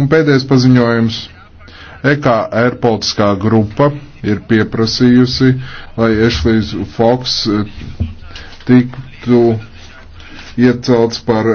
Un pēdējais paziņojums. EKR politiskā grupa ir pieprasījusi, lai Ešlijs Foks eh, tiktu iecelts par